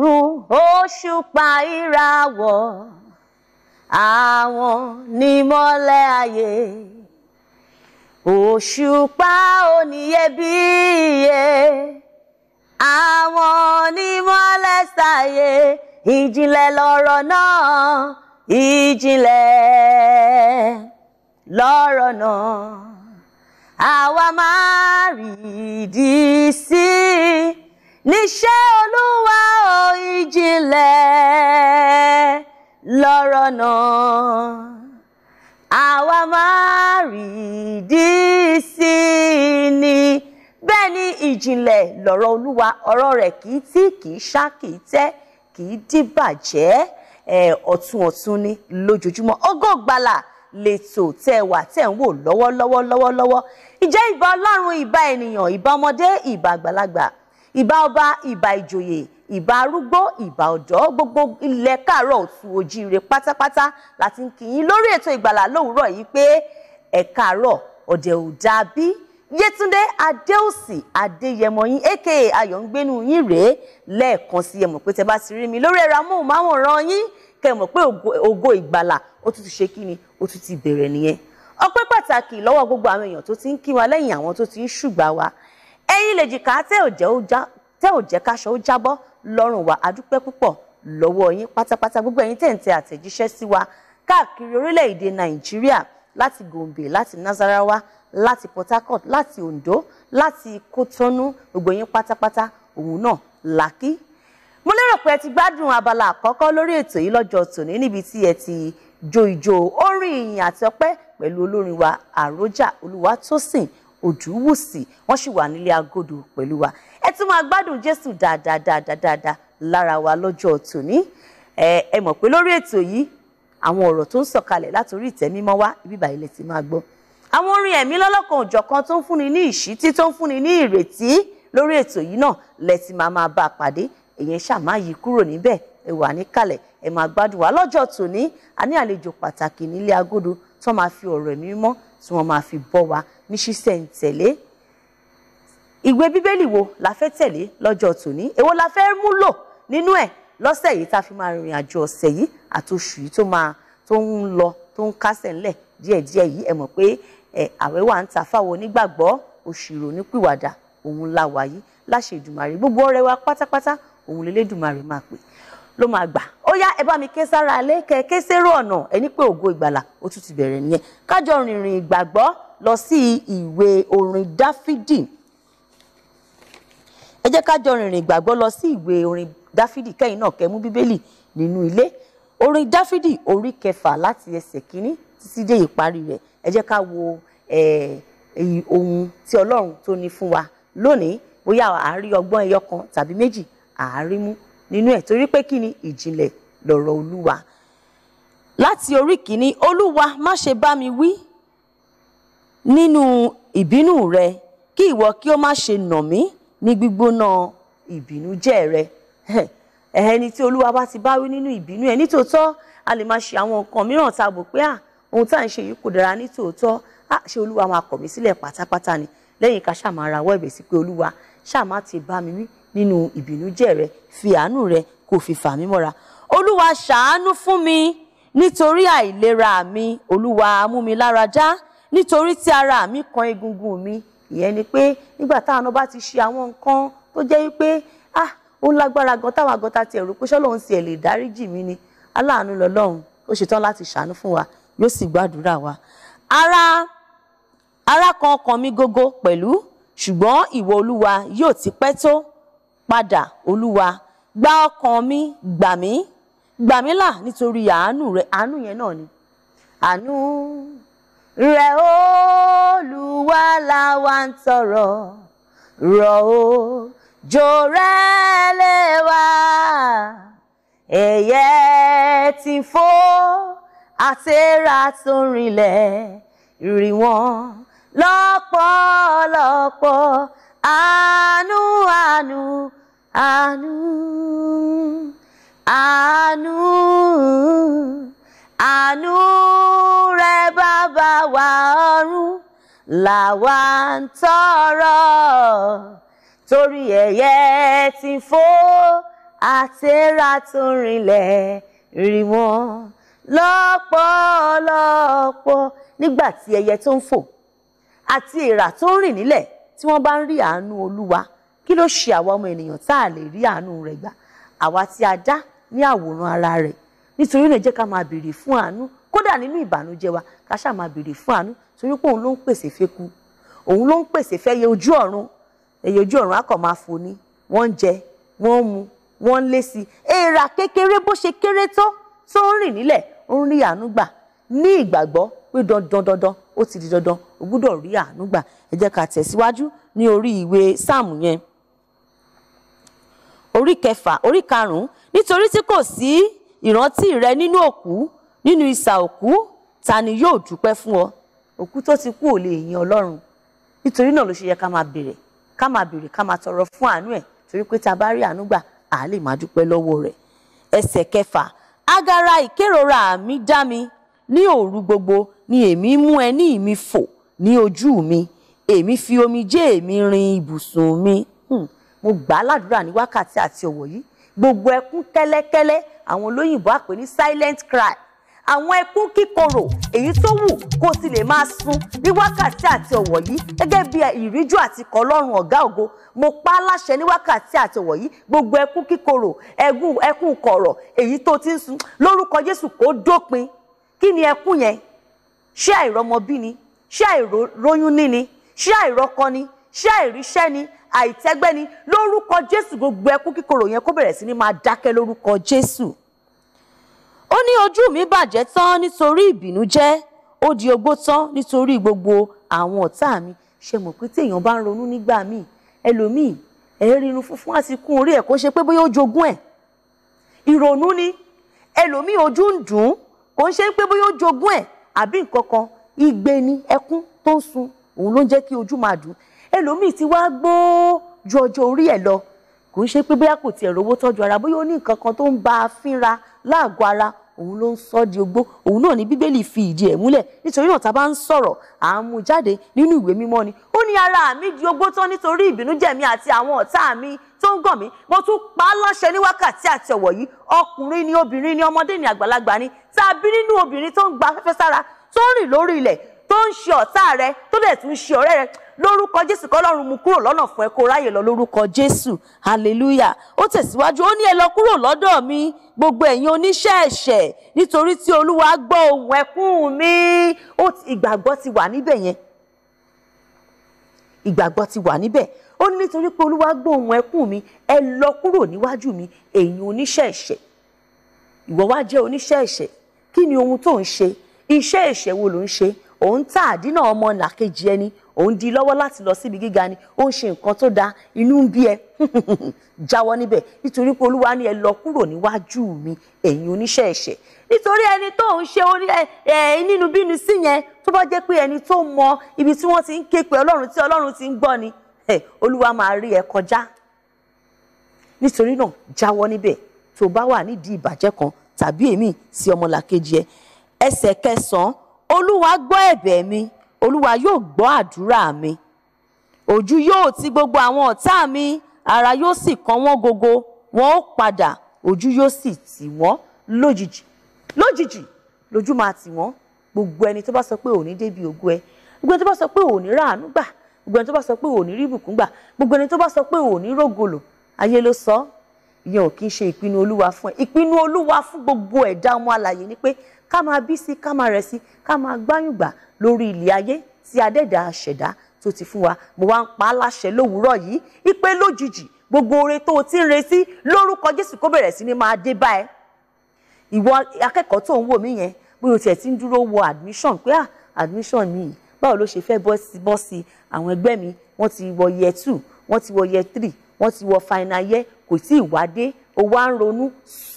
òòrùn òṣùpá ìràwọ̀ àwọn nímọ́lẹ̀ ayé òṣùpá oníyebíye àwọn onímọ́lẹ̀ sáyé ìjìnlẹ̀ lọ́rọ̀ náà ìjìnlẹ̀ lọ́rọ̀ náà àwa máa rí ìdí sí i níṣẹ́ olúwa ò ìjìnlẹ̀ lọ́rọ̀ náà àwa máa rí ìdí sí i ni bẹ́ẹ̀ ni ìjìnlẹ̀ lọ̀rọ̀ olúwa ọ̀rọ̀ rẹ̀ kì í tí kì í ṣá kì í tẹ́ kì í dìbàjẹ́ ọ̀tun ọ̀tun ni lójoojúmọ́ ògo ìgbàlà lẹ́tọ̀ tẹ́ wà tẹ́ ń wò lọ́wọ́lọ́wọ́ lọ́wọ́lọ́wọ́ ìjẹ́ ìbà ọlọ́run ìbà ènìyàn ìbà ọmọdé ìbà àgbàlagbà ìbá ọba ìbá ìjòyè ìbá arúgbó ìbá ọ̀dọ́ gbogbo ilẹ̀ káàárọ̀ òtù òjíire pátápátá láti ń kí yín lórí ètò ìgbàlà lówùúrọ̀ yìí pé ẹ káàárọ̀ ọ̀dẹ̀ ò dáa bí Yétúndé Adéòsì Adéyẹmọ yín aka Ayọ̀ǹgbénu yín rèé lẹ́ẹ̀kan sí ẹ mọ̀ pé tẹ́ bá ti rí mi lórí ẹ̀rọ amóhùnmáwòrán yín kẹ́ pé ògo ìgbàlà ó tún ti ṣe kí ni ó tún ti bẹ̀rẹ̀ nìyẹn ọpẹ́ pàtàkì lọ́wọ́ gbogbo àwọn èèyàn tó ti ń kí wa lẹ́yìn àwọn tó ti ń ṣùgbà wa ẹ̀yin lèjìká tẹ́ ò jẹ́ káṣọ ó jábọ́ lọ́rùn wa adúpẹ́ púpọ̀ lọ́wọ́ yín pátápátá gbogbo ẹ̀yin tẹ́ ń tẹ àtẹ̀jíṣẹ́ sí wa káàkiri orílẹ̀-èdè nàìjíríà láti gombe láti nasarawa láti port harcourt láti ondo láti kotonu gbogbo yín pátápátá òun náà làkí mo lérò pé ẹ ti gbádùn abala àkọ́kọ́ lórí ètò yìí lọ́jọ́ tòní níbi tí ẹ ti jó ijó orin ìyìn àti ọpẹ́ pẹ̀lú olórin wa àròjà olúwatósìn òdùwùsì wọ́n sì wà nílé agodo pẹ̀lú wa ẹ tún máa gbádùn jésù dáadáadáadáa lára wa lọ́jọ́ tòní ẹ mọ̀ pé lórí ètò yìí àwọn ọ̀rọ̀ tó ń sọ̀kalẹ̀ látòrí ìtẹ́ mímọ́ wá ibi báyìí lè ti máa gbọ́ àwọn orin ẹ̀mí lọ́lọ́kan òjọ̀kan tó ń fúnni ní ìṣítí tó ń fúnni ní ìrètí lórí ètò yìí náà lẹ ti máa máa bá a pàdé èyàn ṣàmá yìí kúrò níbẹ̀ ẹ wà níkàlẹ̀ ẹ máa gbádùn wá lọ́jọ́ tòní a ní àlejò pàtàkì nílé agodo tó máa fi ọ̀rọ̀ ẹ̀mí mọ́ tí wọ́n máa fi bọ́ wa ní ṣísẹ̀ntẹ̀lé ìwé bíbélì wo la fẹ́ tẹ̀lé lọ́jọ́ tòní èwo la fẹ́ múlò nínú ẹ̀ lọ́sẹ̀ yìí tá a fi máa rìnrìn àjò ọ̀sẹ̀ yìí àti oṣù yìí tó máa tó ń lọ tó ń kásẹ̀ ńlẹ̀ díẹ̀díẹ̀ yìí ẹ mọ̀ pé ẹ àwẹ̀ wà ń ta fáwọn onígbàgbọ́ oṣù ìrònípìwàdà òun la wà yìí láṣẹ ìdùmarè gbogbo ọrẹ wa pátápátá òun lélẹ́dùmarè máa pè ló máa gbà ó yá ẹ bá mi ké sára alẹ́ kẹ ké sérò ọ̀nà ẹni pé ògo ìgbàlà ó tún ti bẹ̀rẹ̀ nìyẹn kájọ rìnrìn ìgbàgbọ́ lọ sí ìwé orin dáfídì ẹ jẹ́ ká jọ rìnrìn ìgbàgbọ́ lọ sí ìwé orin dáfídì kẹ́yìn náà kẹ́ mú bíbélì nínú ilé orin dáfídì orí kẹfà láti ẹsẹ̀ kínní títí dé ìparí rẹ̀ ẹ jẹ́ ká wo ohun tí ọlọ́run tó ní fún wa lónìí bóyá àárí ọgbọ́n ẹyọ kan tàbí méjì àárí mú nínú ẹ̀ torí pé kí ni ìjìnlẹ̀ lọ̀rọ̀ olúwa láti orí kìíní olúwa má ṣe bá mi wí nínú ìbínú rẹ kí ìwọ kí ó má ṣe nà mí ní gbígbóná ìbínújẹ́ rẹ ẹni tí olúwa bá ti bá wí nínú ìbínú ẹ nítòótọ́ a lè máa ṣe àwọn nǹkan mìíràn tá a bò pé à ohun tá à ń ṣe yìí kò dára nítòótọ́ à ṣé olúwa máa kọ̀ mí sílẹ̀ pátápátá ni lẹ́yìn ká ṣáà máa rawọ́ ẹ̀bẹ̀ sí pé olúwa ṣáà má ti bá mi wí nínú ìbínújẹ́ rẹ fi àánú rẹ kò fi fà mí mọ́ra olúwa ṣàánú fún mi nítorí àìlera mi olúwa mú mi lára já nítorí tí ara mi kan egungun mi ìyẹn ni pé nígbà táwọn náà bá ti ṣe àwọn nǹkan tó jẹ́ wípé ah ó lágbára gan táwọn àgọ́ta ti ẹ̀rù pé ṣọ́lọ́run ti ẹ̀ lè dáríjì mí ni aláàánú lọ́lọ́run ó ṣetán láti ṣàánú fún wa yóò sì gbàdúrà wa. ara ara kan ọkàn mi gógó pẹ̀lú ṣùgbọ́n ìwọ olúwa yóò ti pẹ́ tó padà olúwa gba ọkàn mi gbà mí gbà mí là nítorí àánú rẹ àánú yẹn náà ni àánú rẹ̀ Olúwa làwa ń tọrọ rọ̀ òjò rẹ̀ lé wa ẹyẹ tí fò àtẹ̀rà tó rinlẹ̀ rí wọn lọ́pọ̀lọpọ̀ àánú àánú àánú àánú àánú àwa ọ̀run làwa ń tọrọ torí ẹ̀yẹ tí fò àtẹ́rà tó rinlẹ̀ rí wọn lọ́pọ̀lọpọ̀ nígbà tí ẹyẹ tó ń fò àti èèrà tó ń rìn nílẹ̀ tí wọ́n bá ń rí àánú olúwa kí ló ṣe àwa ọmọ ènìyàn tá a lè rí àánú rẹ̀ gbà àwa tí a dá ní àwòrán ara rẹ̀ nítorí náà jẹ́ ká máa béèrè fún àánú kódà nínú ìbànújẹ́ wa ká ṣáà máa béèrè fún àánú torí pé òun ló ń pèsè fẹ́kú òun ló ń pèsè fẹ́yẹ ojú ọ̀run ẹyẹ ojú ọ̀run á kàn máa fò ní wọ́n ń jẹ wọ́n ń mu wọ́n ń lé sí i èèrà kékeré bó ṣe kéré tó tó ń rìn nílẹ̀ ó ń rí àánú gbà ní ìgbàgbọ́ pé dandan dandan ó ti di dandan ó gbúdọ̀ rí àánú gbà ẹ jẹ́ ká tẹ̀síwájú ní orí ìwé sáàmù yẹn orí kẹfà orí karùnún nítorí tí kò sí ìrántí rẹ nínú òkú nínú ìsà òkú ta ni yóò dúpẹ́ fún ọ òkú tó ti kú ò lè yin ọlọ́run nítorí náà ló ṣe yẹ ká máa bèrè ká máa bèrè ká máa tọrọ fún àánú ẹ̀ torí pé ta bá rí àánú gbà á lè máa dúpẹ́ lọ́wọ́ rẹ̀ ẹsẹ̀ kẹfà agara ìkérora mi dá mi ní òru gbogbo ni èmi mú ẹní mi fò ní ojú mi èmi fi omijé èmi rin ibùsùn mi hmm, mo gbà á ládùúrà ní wákàtí àti ọ̀wọ̀ yìí gbogbo ẹkún kẹ́lẹ́kẹ́lẹ́ àwọn olóyìnbó àpè ní silent cry àwọn ẹkún kíkorò èyí tó wù kó o ti lè máa sun ní wákàtí àti ọ̀wọ̀ yìí gẹ́gẹ́ bí ìríjú àti kọlọ́run ọ̀gá ògo mo pa á láṣẹ ní wákàtí àti ọ̀wọ̀ yìí gbogbo ẹkún kíkorò ẹgún ẹkún kọ̀rọ̀ èyí tó ti ń sun lórúkọ Jésù kó dópin kí ni ẹkún yẹn ṣé àìrọ́mọbí ni ṣé àìróyún ní ni ṣé àìrọ́kọ ni ṣé àìríṣẹ́ ni àìtẹ́gbẹ́ ni lórúkọ Jésù gbogbo ẹkún kíkorò yẹn kó bẹ̀rẹ̀ sí ní máa dákẹ́ lórúkọ Jésù ó ní ojú mi bàjẹ́ tán nítorí ìbìnújẹ́ ó di ogbó tán nítorí gbogbo àwọn ọ̀tá mi ṣe mọ̀ pé téèyàn bá ń ronú nígbà míì ẹlòmíì ẹ̀rínú funfun àti kún orí ẹ̀ kó ṣe pé bóyá ó ẹ̀ ìrònú ni ẹlòmíì ojú ń dùn ún kò ń ṣe pé bóyá ó ẹ̀ àbí nǹkan kan igbe ni ẹkún tó ń sun òun ló ń jẹ́ kí ojú máa dùn ẹlòmíì ti wá gbó ju ọjọ́ orí ẹ̀ lọ kò ń ṣe pé bóyá kò tiẹ̀ rówó tọ́jú ara bóyá ó ní nǹkan kan tó ń ba fínra láàgọ́ ara òun ló ń sọ di ogbó òun náà ni bíbélì fi ìdí ẹ̀ múlẹ̀ nítorí náà tá a bá ń sọ̀rọ̀ à ń mú jáde nínú ìwé mímọ́ ni ó ní ara mi di ogbó tán nítorí ìbínújẹ́ mi àti àwọn ọ̀tá mi tó ń gàn mí mo tún pa á láṣẹ ní wákàtí àti ọ̀wọ̀ yìí ọkùnrin ni obìnrin ni ọmọdé ni àgbàlagbà ni tàbí nínú obìnrin tó ń gba afẹ́fẹ́ sára tó ń rìn lórí ilẹ̀ tó ń ṣe ọ̀tá rẹ tó dẹ̀ tún ṣe ọ̀rẹ́ rẹ lórúkọ jésù kọlọ́run mú kúrò lọ́nà fún ẹ kó ráyè lọ lórúkọ jésù hallelujah ó tẹ̀síwájú ó ní ẹ lọ kúrò lọ́dọ̀ mi gbogbo ẹ̀yin oníṣẹ́ ẹ̀ṣẹ̀ nítorí tí olúwa gbọ́ ohùn ẹkún mi ó ìgbàgbọ́ ti wà níbẹ̀ yẹn ìgbàgbọ́ ti wà níbẹ̀ ó ní nítorí pé olúwa gbọ́ ohùn ẹkún mi ẹ lọ kúrò níwájú mi ẹ̀yin oníṣẹ́ ẹ̀ṣẹ̀ ìwọ wá jẹ́ oníṣẹ́ ẹ̀ṣẹ̀ kí ni ohun tó ń ṣe iṣẹ́ ẹ̀ṣẹ̀ wo ló ń ṣe òun tà àdínà ọmọ làkejì ẹni ò ń di lọ́wọ́ láti lọ síbi gíga ni ó ń ṣe nǹkan tó dáa inú ń bí ẹ jáwọ́ níbẹ̀ nítorí pé olúwa ni ẹ lọ kúrò níwájú mi ẹ̀yin oníṣẹ́ ẹ̀ṣẹ̀ nítorí ẹni tó ń ṣe ẹ nínú bínú sí yẹn tó bá jẹ́ pé ẹni tó mọ ibi tí wọ́n ti ń ké pe ọlọ́run tí ọlọ́run ti ń gbọ́ ni olúwa máa rí ẹ kọjá nítorí náà jáwọ́ níbẹ̀ tó bá wà nídìí ìbàjẹ́ kan tàbí èmi sí ọmọlàkejì ẹ ẹsẹ̀ kẹsàn-án olúwa gbọ́ ẹ̀bẹ̀ mi olúwa yóò gbọ́ àdúrà mi ojú yóò ti gbogbo àwọn ọ̀tá mi ara yóò sì kàn wọ́n gogo wọn ó padà ojú yóò sì tì wọ́n lójijì lójijì lójú máa tì wọ́n gbogbo ẹni tó bá sọ pé òní débi ògo ẹ gbogbo ẹni tó bá sọ pé òní ráàánú gbà gbogbo ẹni tó bá sọ pé òní rí ìbùkún gbà gbogbo ẹni tó bá sọ pé òní rógolò ayé ló sọ ìyẹn ò kí ń ṣe ìpinnu olúwa fún ẹ ìpinnu olúwa fún gbogbo ẹ̀dá ọmọ alàyè ni pé ká máa bí sí ká máa rẹ̀ sí ká máa gbáyùngbà lórí ilé ayé tí adẹ́dà ṣẹ̀dá tó ti fún wa mo wá ń pa á láṣẹ lówùúrọ̀ yìí ìpè lójijì gbogbo oore tó o ti ń retí lórúkọ Jésù kó bẹ̀rẹ̀ sí ni máa dé bá ẹ ìwọ akẹ́kọ̀ọ́ tó ń wò mí yẹn bóyá o tiẹ̀ ti ń dúró wo admission pé ah admission mi yìí báwo ló ṣe fẹ́ bọ́ sí bọ́ sí àwọn ẹgbẹ́ mi wọ́n ti wọ year two wọ́n ti wọ year three wọ́n ti wọ final year kò tí ì wá dé o wá ń ronú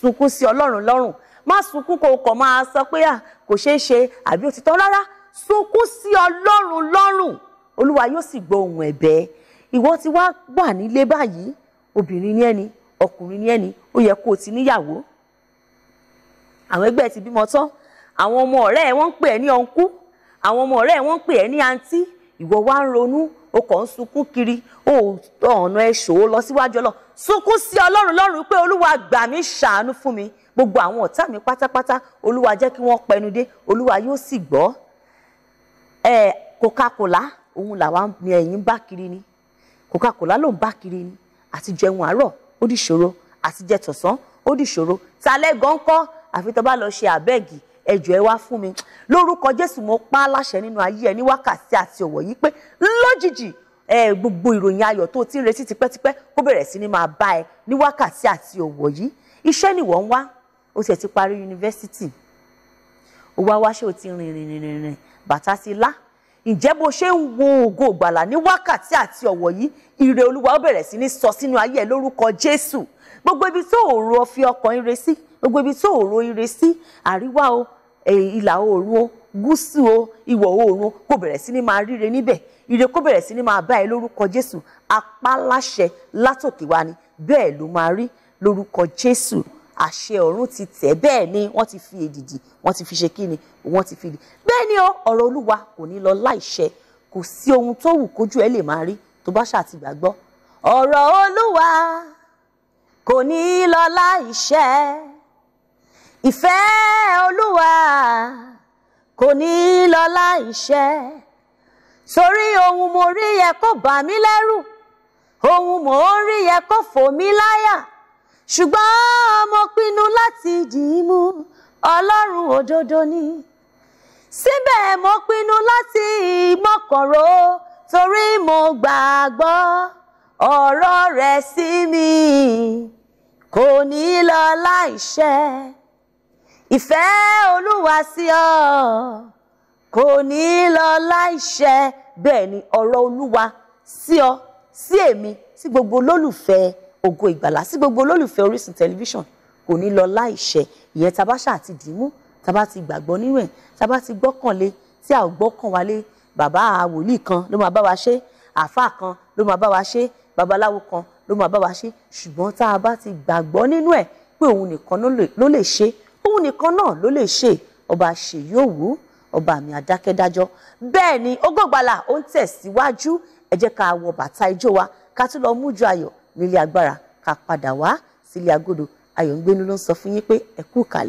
sunkún sí Ọlọ́run lọ́rùn má sunkún kó kọ̀ máa sọ pé à kò ṣeé ṣe àbí ó ti tán rárá sunkún sí ọlọ́run lọ́rùn olúwa yóò sì gbọ́ ohùn ẹ̀bẹ̀ ìwọ ti wá wà nílé báyìí obìnrin ni ẹni ọkùnrin ní ẹni ó yẹ kó o ti níyàwó àwọn ẹgbẹ́ ti bímọ tán àwọn ọmọ ọ̀rẹ́ ẹ̀ wọ́n ń pè ẹ́ ní ọ̀nkú àwọn ọmọ ọ̀rẹ́ ẹ̀ wọ́n ń pè ẹ́ ní àǹtí ìwọ wá ń ronú o kàn ń sunkún kiri o ọ̀nà ẹ̀ ṣòwò lọ síwájú ọlọ́ sunkún sí ọlọ́run lọ́rùn pé olúwa gbà mí ṣàánú fún mi gbogbo àwọn ọ̀tá mi pátápátá olúwa jẹ́ kí wọ́n pẹnudé olúwa yóò sì gbọ́ ẹ coca-cola òun làwa ni ẹ̀yin bá kiri ni coca-cola ló ń bá kiri ni àti jẹun àárọ̀ ó di ṣòro àti jẹ tọ̀sán ó di ṣòro talẹ́ gan kọ́ àfi tó bá lọ ṣe àbẹ́ẹ̀gì ẹjọ́ ẹ wá fún mi lórúkọ jésù mo pa á láṣẹ nínú ayé ẹ ní wákàtí àti ọ̀wọ̀ yìí pé lójijì ẹ gbogbo ìròyìn ayọ̀ tó ti ń retí tipẹ́tipẹ́ kó bẹ̀rẹ̀ sí ni máa bá ẹ ní wákàtí àti ọ̀wọ̀ yìí iṣẹ́ nìwọ ń wá o tiẹ̀ ti parí yunifásitì o wá wá ṣé o ti rìn rìn rìn rìn bàtà ti lá ǹjẹ́ bó ṣe ń wo ògo ìgbàlà ní wákàtí àti ọ̀wọ̀ yìí ire olúwa ó bẹ̀rẹ̀ sí ní sọ sínú ayé ẹ lórúkọ jésù gbogbo ibi tó òru ọfi ọkàn ire sí gbogbo ibi tó òru ire sí àríwá o ìlà oòrùn o gúúsù o ìwọ̀ oòrùn kò bẹ̀rẹ̀ sí ní máa ríre níbẹ̀ ire kò bẹ̀rẹ̀ sí ní máa bá ẹ lórúkọ jésù apá láṣẹ látòkè wá ni bẹ́ẹ̀ ló máa rí lórúkọ jésù àṣẹ ọ̀run ti tẹ̀ bẹ́ẹ̀ ni wọ́n ti fi èdìdì wọ́n ti fi ṣe kí ni wọ́n ti fi dì bẹ́ẹ̀ ni ọ̀rọ̀ olúwa kò ní lọ láìṣẹ kò sí ohun tó wù kójú ẹ lè máa rí tó bá ṣàti gbàgbọ́ ọ̀rọ̀ olúwa kò ní lọ láìṣẹ ìfẹ́ olúwa kò ní lọ láìṣẹ torí ohun mo rí yẹ kó bà mí lẹ́rù ohun mo rí yẹ kó fò mí láyà ṣùgbọ́n mo pinnu láti dì í mú ọlọ́run òdodo ni síbẹ̀ mo pinnu láti mọ̀kànró torí mo gbàgbọ́ ọ̀rọ̀ rẹ̀ sí mi kò ní lọ láìṣẹ ìfẹ́ olúwa sí ọ kò ní lọ láìṣẹ bẹ́ẹ̀ ni ọ̀rọ̀ olúwa sí ọ sí èmi sí gbogbo olólùfẹ́ ògo ìgbàlà sí gbogbo olólùfẹ́ Orísun tẹlifíṣàn kò ní lọ láìṣẹ ìyẹn tá a bá ṣáà ti dìímú tá a bá ti gbàgbọ́ nínú ẹ̀ tá a bá ti gbọ́kànlé tí a ò gbọ́kàn wálé bàbá wòlíì kan ló máa bá wa ṣe àáfàá kan ló máa bá wa ṣe babaláwo kan ló máa bá wa ṣe ṣùgbọ́n tá a bá ti gbàgbọ́ nínú ẹ̀ pé òun nìkan ló lè ṣe òun nìkan náà ló lè ṣe ọba ṣèyí òwú ọba mi àdákẹ́dájọ́ bẹ́ẹ̀ ni Ògo ó ń tẹ̀síwájú ẹ ká wọ bàtà ijó wa ká tún lọ mú ju ayọ̀ nílé agbára ká padà wá sílé agodo ayọ̀ǹgbẹ́nu ló ń sọ fún yín pé ẹ kú kalẹ̀.